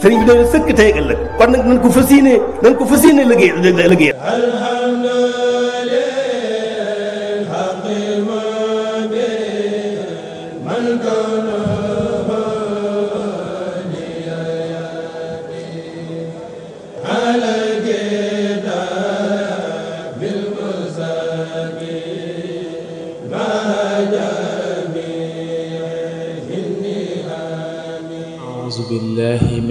sëriñ bi daal sëkk tey ak ëllëg kon nag nañ ko fas yéene nañ ko fas yéene liggéey liggéey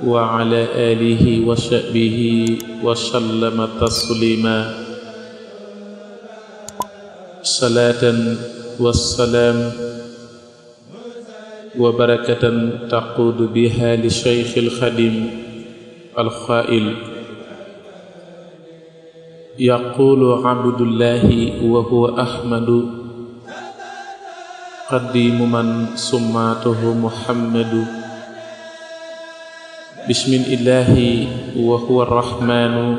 wa ala alihi wa sahbihi wa sallama taslima salaatan wa salaam wa barakatan taquudu biha li shaykh alxadim alxaail yaqulu abdullahi wa huwa ahmadu qadimu man summaatuhu muhammadu bismillahi wa huwa arrahmanu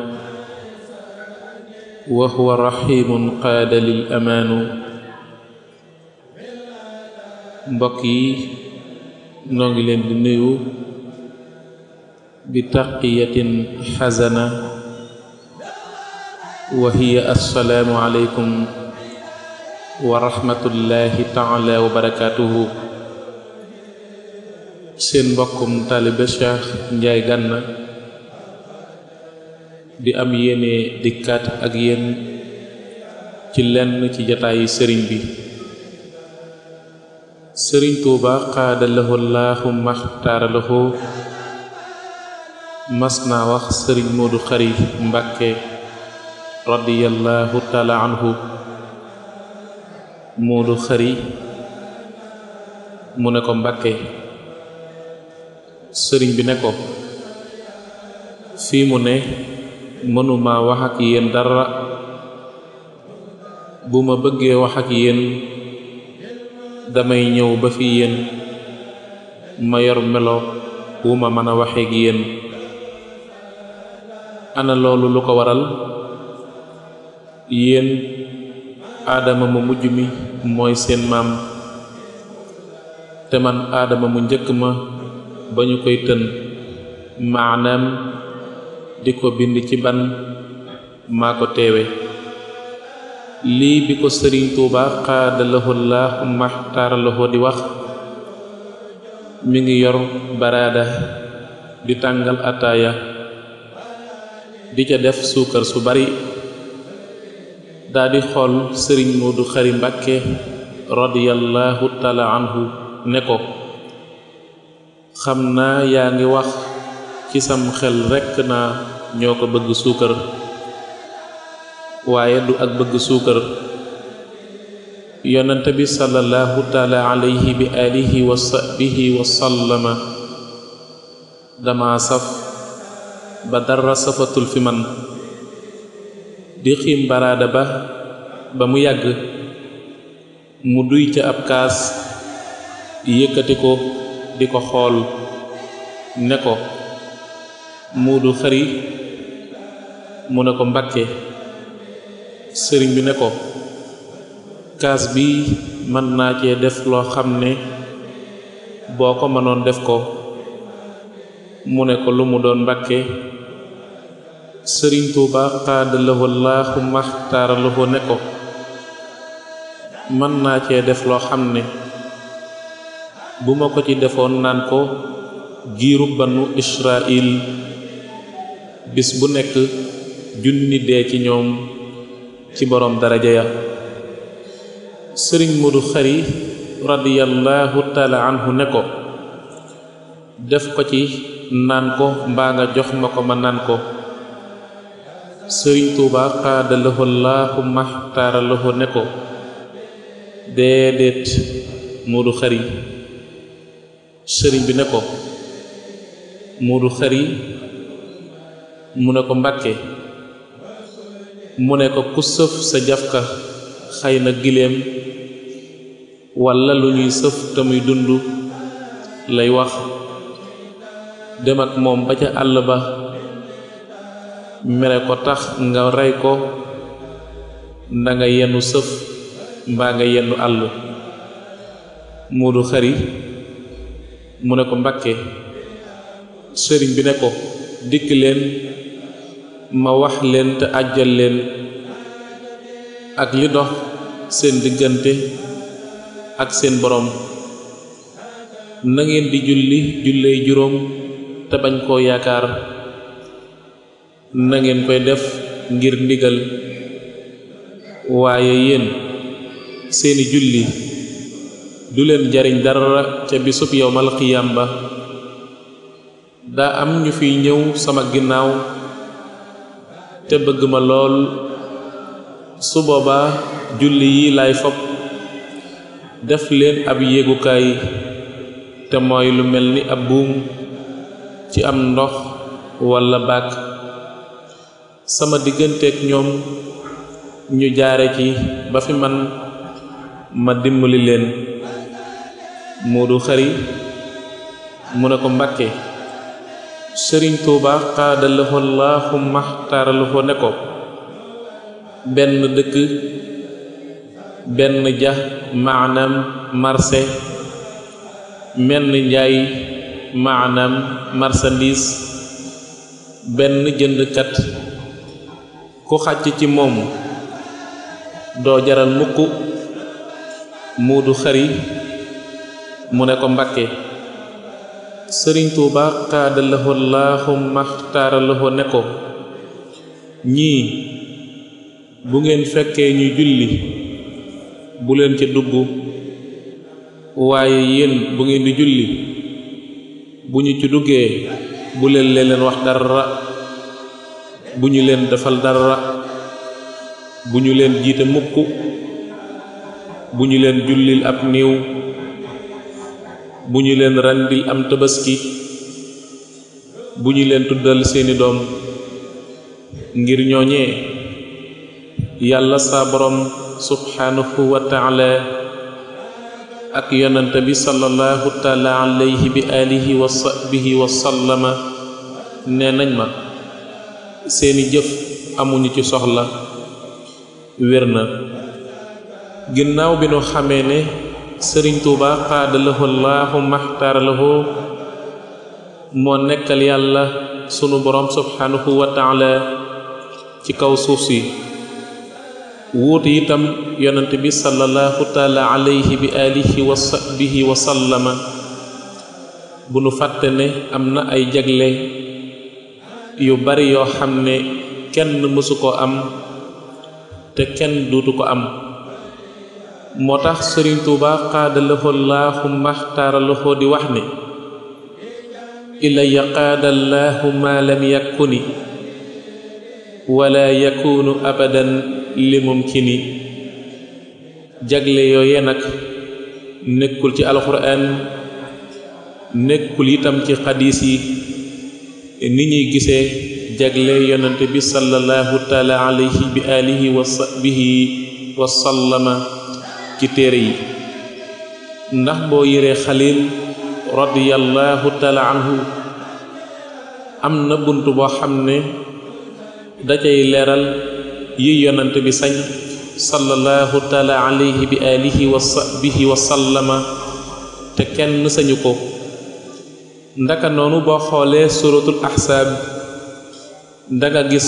wa huwa arrahimu qaada lil amaanu mbokk yi noo ngi leen di nuyu bi taqiyatin xasana wa hiya assalaamu aleykum wa rahmatullahi taala wa barakaatuhu seen mbokkum taalibe Cheikh Ndiaye Gana di am yéene dikkat ak yéen ci lenn ci jataayi sëriñ bi sëriñ Tuuba xaada lahu laahu maxtaara mas naa wax sëriñ Moodu Xari Mbàkke radiyallahu taala anhu Moodu Xari mu ne ko Mbàkke sëriñ bi ne ko fii mu ne mënuma wax ak yéen dara bu ma bëggee wax ak yéen damay ñëw ba fii yéen ma yor melo wu ma mën a waxee yéen ana loolu lu ko waral yéen aadama mu mujj mi mooy seen maam te man aadama mu njëkk ma ba ñu koy tën maanaam di ko bind ci ban maa ko teewe lii bi ko sëriñ tuuba xaada lahu laahu maxtaara di wax mu ngi yor baraada di tàngal ataaya di ca def suukar su bari daldi xool sëriñ Moodu Xari Mbàkke radiyallahu taala anhu ko xam naa yaa ngi wax ci sam xel rekk naa ñoo ko bëgg suukar waaye du ak bëgg suukar yonent bi sallallahu taala alayhi bi alihi dama saf ba dara safatul fi man di xiim baraada ba ba mu yàgg mu duy ca ab kaas yëkkati ko di ko xool ne ko muudu xëri mu ne ko mbakke sëriñ bi ne ko kaas bi mën naa cee def loo xam ne boo ko mënoon def ko mu ne ko lu mu doon mbakke sëriñ tuuba xaada laaxu maxtaara lahu ne ko mën naa cee def loo xam ne bu ma ko ci defoon naan ko giiru banu israil bis bu nekk junni dee ci ñoom ci boroom daraja ya sëriñ Modou Khary radiyallahu taala anhu ne ko def ko ci naan ko mbaa nga jox ma ko ma naan ko sëriñ Tuuba xaada lahu laahu maxtaara lahu ko déedéet Modou Khary sëriñ bi ne ko Moodu Xari mu ne ko Mbàkke mu ne ko ku sëf sa jafka xëy na gileem walla lu ñuy sëf te muy dund lay wax dem ak moom ba ca àll ba mere ko tax nga rey ko da nga yennu sëf mbaa nga yennu àll Moodu Xari mu ne ko mbakke sëriñ bi ne ko dikk leen ma wax leen te àjjal leen ak li dox seen diggante ak seen boroom na ngeen di julli julley juróom te bañ koo yaakaar nangeen koy def ngir ndigal waaye yéen seeni julli du leen jariñ dara ca bisub yowmal ba daa am ñu fiy ñëw sama ginnaaw te bëgg ma lool su boobaa julli yi lay fopp def leen ab yéegukaay te mooy lu mel ni ab buum ci am ndox walla bàkk sama digganteeg ñoom ñu jaare ci ba fi man ma dimbali leen Moodu Xari mu ne ko Mbàkke sëriñ Tuuba xaadalaxo laaxu maxtaaralaxo ne ko benn dëkk benn ja maanaam marché menn njaay maanaam marchandise benn jënd jëndkat ku xàcc ci moom doo jaral mukk Moodu Xari mu ne ko mbakke sëriñ tuuba xaada laxo laaxuma taara laxo ne ko ñii bu ngeen fekkee ñuy julli bu leen ca dugg waaye yéen bu ngeen di julli bu ñu ci duggee bu leen leen wax dara bu ñu leen defal dara bu ñu leen jiite mukk bu ñu leen jullil ab niiw bu ñu leen rendil am tabaski bu ñu leen tuddal seeni doom ngir ñooñee yàlla saa boroom subhaanahu wa taala ak yonante bi sallallahu taala alayhi bi alihi wa sahbihi wa nee nañ ma seeni jëf amuñu ci soxla wér na ginnaaw bi nu xamee ne sëriñ tuuba xaada lahu moo nekkal yàlla sunu borom subhanahu wa taala ci kaw suuf si wuutu itam yonent bi sallallahu taala alayhi bi alihi wa sahbihi wa sallama bu nu fàtte ne am na ay jagle yu bari yoo xam ne kenn mësu ko am te kenn duutu ko am moo tax sëriñ tuuba qaada lahu laahu maxtaara lahu di wax ne ilaya qaada laahu maa lam yakuni wala yakunu abadan li ni jagle yooye nag nekkul ci alxuraan nekkul itam ci xadiis yi ni ñuy gisee jagle yonante bi sallallahu taala alayhi bi alihi wa sahbihi wa sallama ci téere yi ndax boo yéree xalil radiyallahu taala am na bunt boo xam ne dacay leeral yi yonent bi sañ sallallahu taala alayhi bi alihi wa sahbihi wa te kenn sañu ko ndaka noonu boo xoolee suratul ahsaab danga gis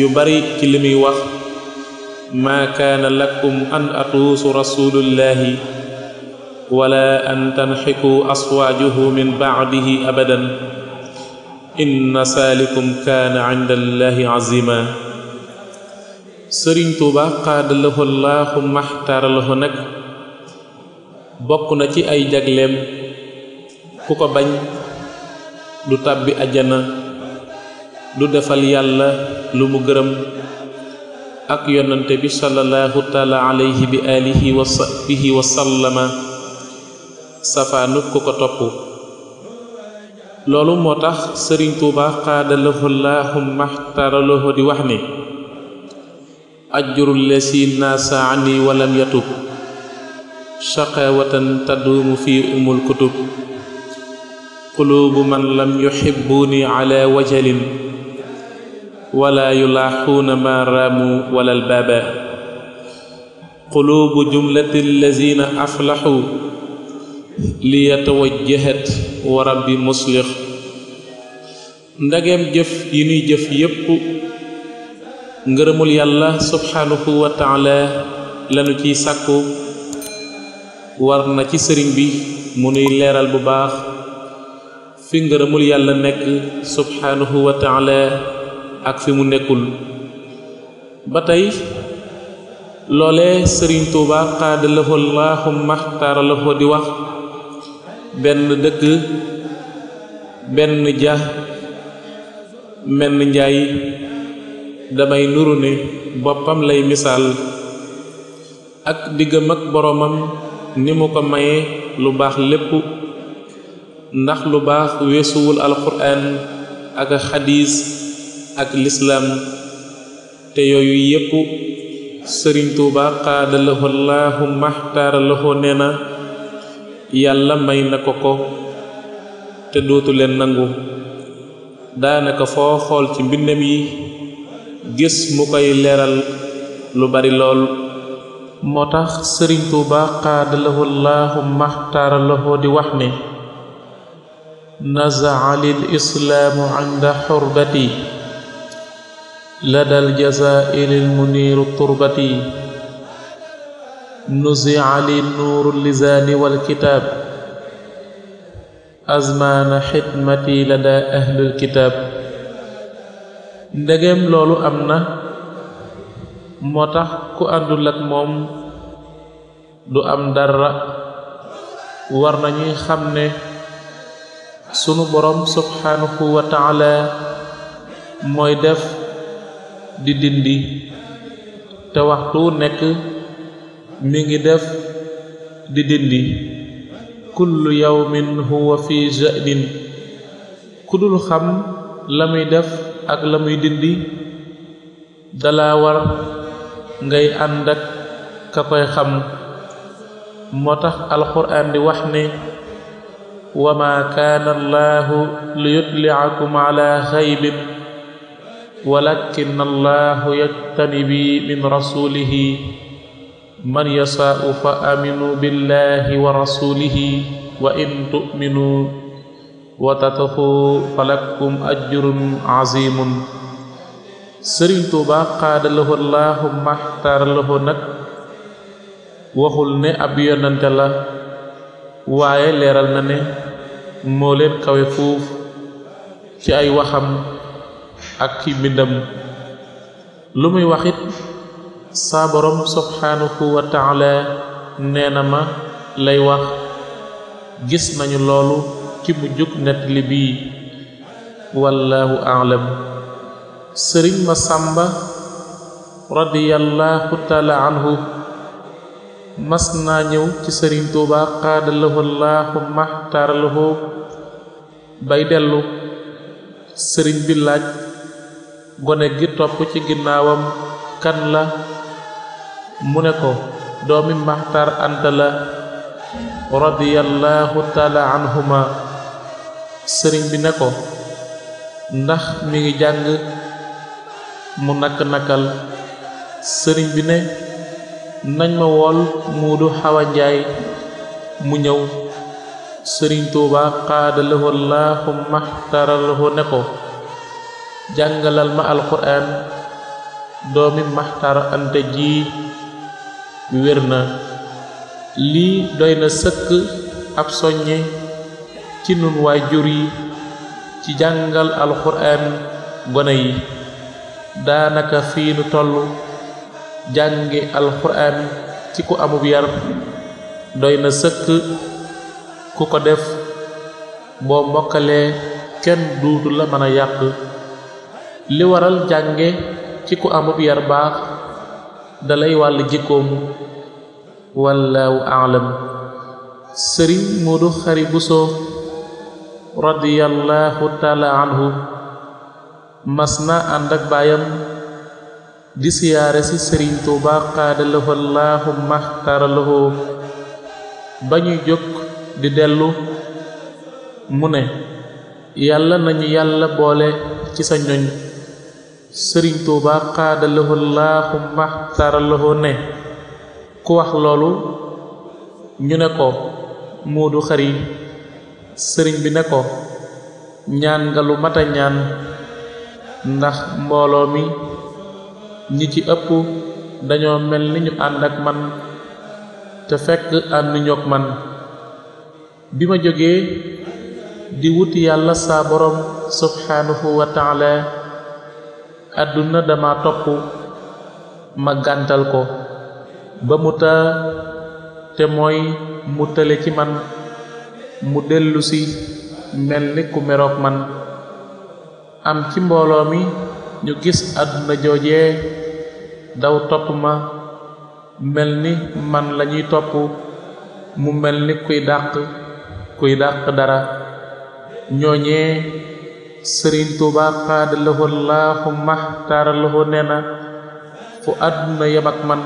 yu bari ci li muy wax ما كان لكم أن أطوسوا رسول الله ولا أن تنحكوا أصواجه من بعده أبدا إن سالكم كان عند الله عظيما Sëriñ Tuuba qaadalahu allahu maxtaaralahu nag bokk na ci ay jagleem ku ko bañ du tàbbi ajjana du defal yàlla lu mu gërëm ak yonante bi sallallahu taala alayhi bi alihi wa sahbihi wa sallama ko topp loolu moo tax sëriñ tuuba xaadalahu llahumma xtaaralahu di wax ni ajjuru lesi naasa ani walam yatub shaqawatan taduumu fi umul kutub qulubu man lam yuhibbuni ala wajalin ولا يلاحون ما راموا ولا البابا قلوب جملة الذين أفلحوا ليتوجهت ورب مصلح ndegem jëf yi ñuy jëf yépp ngërëmul yàlla subhanahu wa taala lanu ciy sàkku war na ci sëriñ bi mu nuy leeral bu baax fi ngërëmul yàlla nekk subhanahu wa taala ak fi mu nekkul ba tey loole sëriñ tuuba xaada lafa allahumma xtaara lafa di wax benn dëkk benn ja menn njaay damay nuru ne boppam lay misaal ak diggam ak boroomam ni mu ko maye lu baax lépp ndax lu baax weesuwul alxuraan ak xadiis ak lislaam te yooyu yépp sëriñ tuuba xaada lahu maxtaara lahu nee na yàlla may na ko ko te dootu leen nangu daanaka foo xool ci mbindam yi gis mu koy leeral lu bari lool moo tax sëriñ tuuba xaada lahu maxtaara lahu di wax ne nazaa lil islaamu ànda xurbati لدى الجزائر المنير التربتي نزع لي نور اللزان والكتاب أزمان خدمتي لدى أهل الكتاب ndegem loolu am na moo tax ku àndul ak moom du am dara war nañuy xam ne sunu borom subhanahu wa taala mooy def di dindi te waxtu nekk mi ngi def di dindi kullu yawmin huwa fi zanin ku dul xam la muy def ak la muy dindi dalaa war ngay ànd ak ka koy xam moo tax alquran di wax ne wa ma kaana allahu li yutliakum ala xaybin ولكن الله يجتنبي من رسوله من يشاء فآمنوا بالله ورسوله وإن تؤمنوا وتتقوا فلكم أجر عظيم Sëriñ Tuuba xaadalahu allahumma axtaaralahu nag waxul ne ab yonante la waaye leeral na ne moo leen kawe fuuf ci ay waxam ak ci mbindam lu muy waxit saa borom subhanahu wa nee na ma lay wax gis nañu loolu ci mujjug nettali bi wallaahu aalam sëriñ ma sàmba radiyallahu taala mas naa ñëw ci sëriñ tuuba xaadalahu allahu maxtaaralahu bay dellu sëriñ bi laaj gone gi topp ci ginnaawam kan la mu ne ko doomi maxtaar anta la radiyallahu taala anhuma sëriñ bi ne ko ndax mi ngi jàng mu nakk nakal sëriñ bi ne nañ ma wool muudu xawa njaay mu ñëw sëriñ tuuba xaadalewoo laaxu maxtaralahu ko jàngalal ma alquran doomi maxtar anta ji wér na lii doy na sëkk ab soññe ci nun waajur yi ci jàngal alquran gone yi daanaka fii nu toll jàngi alquran ci ku amub yar doy na sëkk ku ko def boo mbokkalee kenn duutu la mën a yàq li waral jànge ci ku amub yar baax dalay wàll jikkoom wallaahu aalam sëriñ Moodu Xari Buso radiyallahu taala anhu mas na ànd ak baayam di siyaare ci sëriñ Tuuba xaadalahu allahumma xtaaralahu ba ñuy jóg di dellu mu ne yàlla nañu yàlla boole ci sa ñoñ sëriñ tuuba laaxu laahu maxtaralaho ne ku wax loolu ñu ne ko muudu xari sëriñ bi ne ko ñaan nga lu mat ndax mbooloo mi ñi ci ëpp dañoo mel ni ñu ànd ak man te fekk ànd ñoog man bi ma jógee di wuti yàlla saa borom subhaanahu wa adduna dama topp ma gàntal ko ba mu taa te mooy mu tële ci man mu dellu mel ni ku meroog man am ci mbooloo mi ñu gis àdduna joojee daw topp ma mel ni man lañuy topp mu mel ni kuy dàq kuy dàq dara ñooñee sëriñ tuuba xaadalaho laahumma taaralaho nee na fu àdduna yem ak man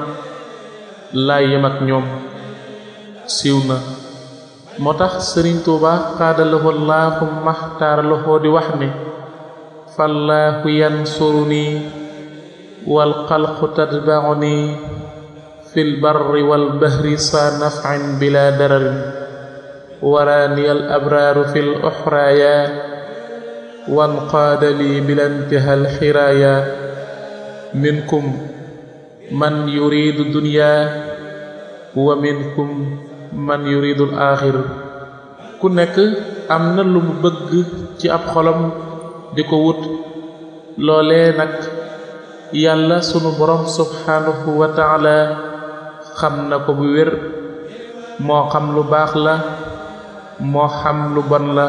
laay yem ñoom siiw na moo tax sëriñ tuuba xaadalaho laahumma taaralaho di wax ne fallaahu yansuru nii wal xalqu tatbaxu nii fil wal bahri saa naf'in bila dararin waraaniyal abraaru fil uxraaya وانقاد bila بلا انتهى الحرايا منكم من يريد الدنيا ومنكم man yuridu al ku nekk am na lu mu bëgg ci ab xolom di ko wut loolee nag yàlla sunu borom subhanahu wa taala xam na ko bu wér moo xam lu baax la moo xam lu bon la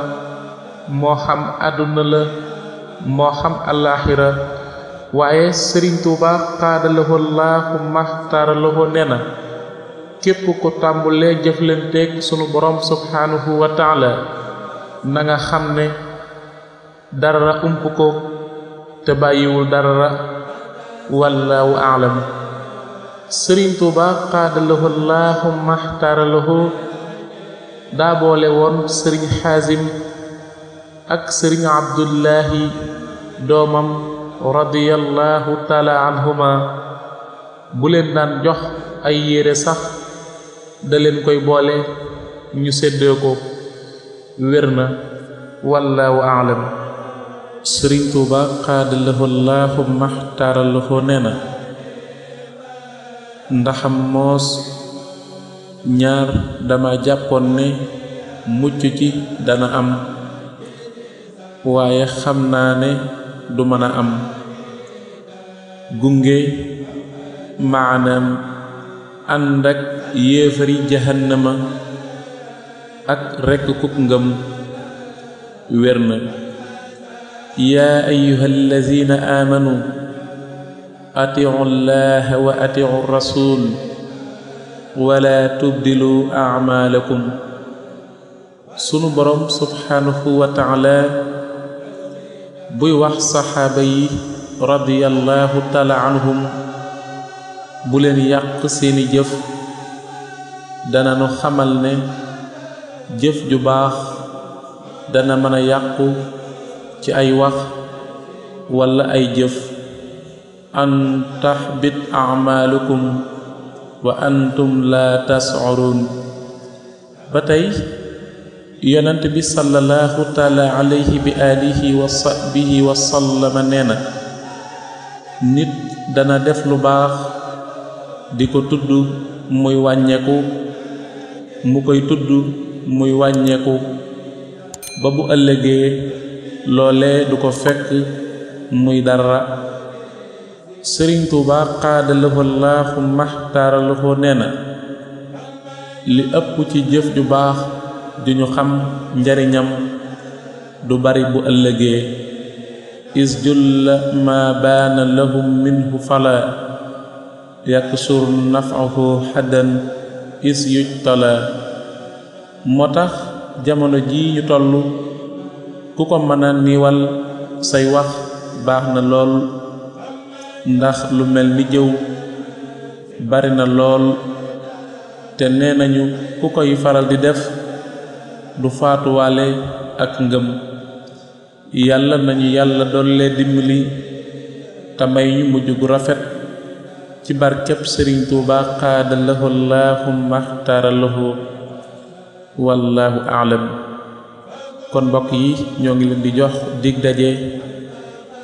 moo xam àdduna la moo xam alaxira waaye sëriñ tuuba xaadalahu laaxu maxtaaralahu nee na képp ku tàmbulee jëflanteeg sunu borom subhaanahu wa taala na nga xam ne dara ump ko te bàyyiwul dara wallaahu aalam sëriñ tuuba xaadalahu laaxu maxtaaralahu daa woon sëriñ xaasim ak sëriñ abdullahi doomam radiyallahu taala anhuma bu daan jox ay yére sax da leen koy boole ñu séddee ko wér na wallahu aalam sëriñ tuuba xaadalahu laahu maxtaaralahu nee na ndaxam moos ñaar dama jàppoon ne mucc ci dana am waaye xam naa ne du mën a am gunge maanaam ànd ak yéefari jahannama ak rekk kuk ngëm wér na yaa ayuha allazina aamanu atiu llaha wa atiu rasul wala tubdilu acmaalakum sunu boroom subhaanahu wa taala buy wax saxaaba yi radiyallahu taala anhum bu leen yàq seeni jëf dana ñu xamal ne jëf ju baax dana mën a yàqu ci ay wax walla ay jëf an bit amaalukum wa antum la tas'urun ba tey yonent bi sallallahu taala alayhi bi alihi wa sahbihi wa sallama nee na nit dana def lu baax di ko tudd muy wàññeeku mu koy tudd muy wàññeeku ba bu ëllëgee loolee du ko fekk muy dara sëriñ Tuuba xaadalahu laaxu maxtaaralahu nee na li ëpp ci jëf ju baax ju ñu xam njariñam du bari bu ëllëgee is julla ma baana lahum minhu fala yaksur nafahu xaddan is yuj tala moo tax jamono ji ñu toll ku ko mën a niiwal say wax baax na lool ndax lu mel ni jëw bari na lool te nee nañu ku koy faral di def du faatuwale ak ngëm yàlla nañu yàlla dolle dimbali te may ñu mujj gu rafet ci barkeb sëriñ tuuba xaada lahu allahumma axtaara lahu wallaahu kon mbokk yi ñoo ngi leen di jox dig daje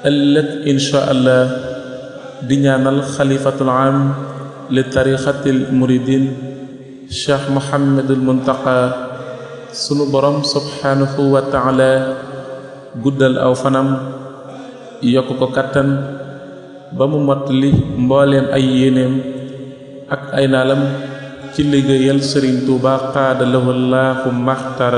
ëllëg insha allah di ñaanal xalifatul am li tarixatil muridin cheikh mohammadul muntaqa sunu borom subhanahu wa taala guddal aw fanam yokk ko kattan ba mu mott li mbooleem ay yéeneem ak ay naalam ci liggéeyal sëriñ Tuuba qaada lahu laahu maxtaara